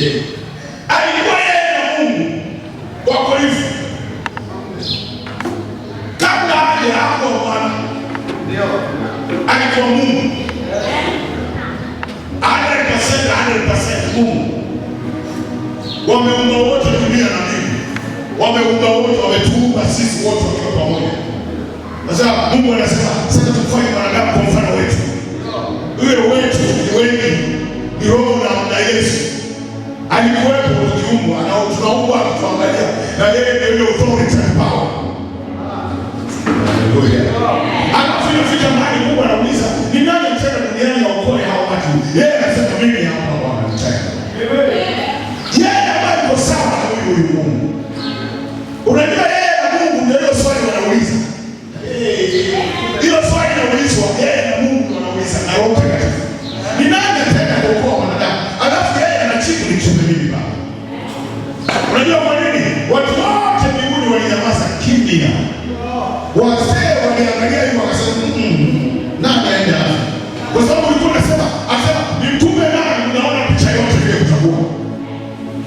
Yesu alikuwa yeye na Mungu kwa Korintho, kabla haja hapo Bwana alikuwa Mungu 100% Mungu. Wameumba wote dunia na mimi, wameumba wote, wametuumba sisi wote wakiwa pamoja. Sasa Mungu anasema sasa tufanye wanadamu kwa mfano wetu, huyo wetu ni wengi, ni roho na Yesu alikuwepo ukiumbwa, na tunaumbwa kuangalia, na yeye ndio ile authority and power. Haleluya! Hata sio fika mahali Mungu anauliza ni nani mtenda duniani Watu wote mbinguni walinyamaza kimya, wazee waliangalia hiyo wakasema, nani aende hapo? Kwa sababu ulikuwa unasema asema ni mtume nani, mnaona picha yote ile kuchagua,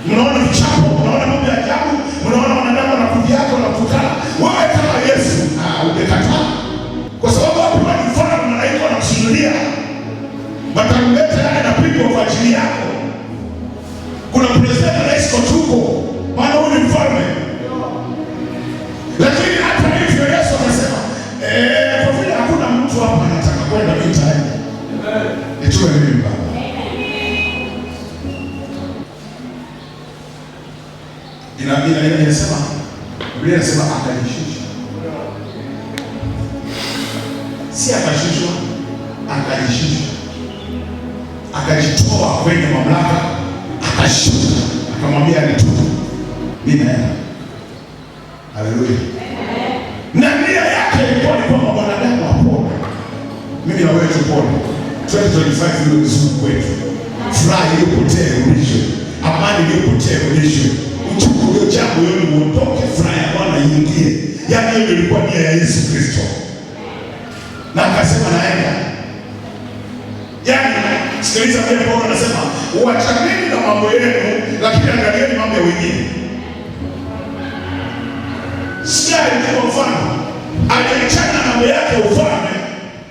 mnaona vichapo, mnaona mambo ya ajabu, mnaona wanadamu wanakuviaka, wanakutukana. Wewe kama Yesu ah, umekataa, kwa sababu watu walifana malaika wanakusujudia, matarumbeta yake yanapigwa kwa ajili yako. Kuna presenta na kotuko maana huyu ni mfalme. Lakini hata hivyo Yesu akasema eh, kwa vile hakuna mtu hapa anataka kwenda mitaani, nitue mimi Baba. Inasema Biblia inasema akalishushwa, si akashushwa, akalishushwa, akalitoa kwenye mamlaka, akashuka, akamwambia alitoka mimi naenda. Haleluya. Na nia yake ilikuwa ni kwamba wanadamu wapone. Mimi na wewe tupone. 2025 ndio msimu wetu. Furaha iliyopotea irudishwe. Amani iliyopotea irudishwe. Uchungu uliojaa moyoni uondoke, furaha ya Bwana iingie. Yaani hiyo ilikuwa nia ya Yesu Kristo. Na akasema naenda. Yaani sikiliza pia Paulo anasema, uachaneni na mambo yenu, lakini angalieni mambo ya wengine si alikuwa mfano, aliachana na mambo yake ya ufalme,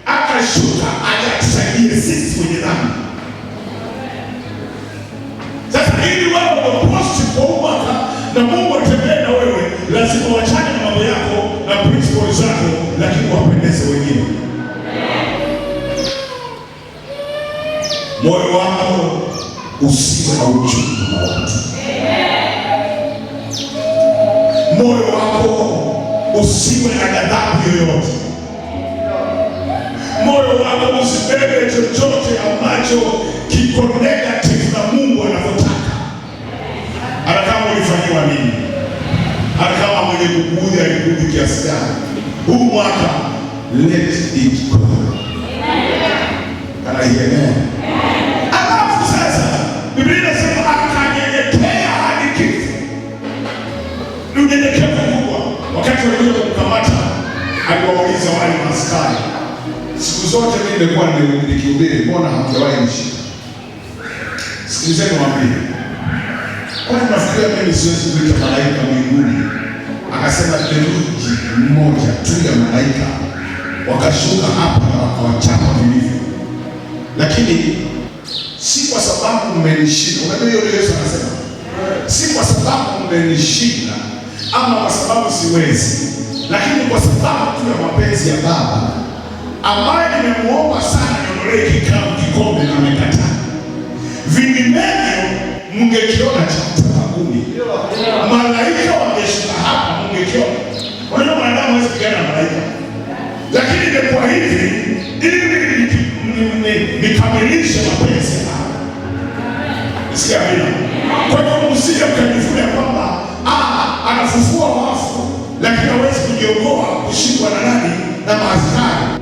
akashuka akatusaidia sisi wenye dhambi. Sasa ili wao waposti kwa umwaka na Mungu atembee na wewe, lazima wachane na mambo yako na principles zako, lakini wapendeze wengine. Moyo wako usiwe na uchungu na watu moyo wako usiwe na ghadhabu yoyote. Moyo wako usibebe chochote ambacho kiko negative na Mungu anavyotaka, hata kama ulifanyiwa nini, hata kama mwenye kukuudhi alikuudhi kiasi gani. Huu mwaka let it go. Amen. alivyokuja kumkamata aliwauliza wale maskari, siku zote mimi nimekuwa nikihubiri, mbona hamjawahi nishika? Sikilizeni mwambie, kwani nafikiria mimi siwezi kuita malaika mbinguni? Akasema theluji mmoja tu ya malaika wakashuka hapa na wakawachapa vilivyo, lakini si kwa sababu mmenishinda. Unajua hiyo Yesu anasema si kwa sababu mmenishinda ama kwa sababu siwezi, lakini kwa sababu tu ya mapenzi ya Baba ambaye nimemuomba sana niondolee kikao kikombe na amekataa. Vinginevyo mngekiona cha kutafakuni, malaika wangeshuka hapa, mungekiona. Unajua mwanadamu hawezi kupigana na malaika, lakini imekuwa hivi ili nikamilishe mapenzi ya Baba. Sikia amina. Kwa hiyo msije mkanifuna kwamba ah anafufua wafu, lakini hawezi kujiokoa kushikwa na nani? Na maaskari.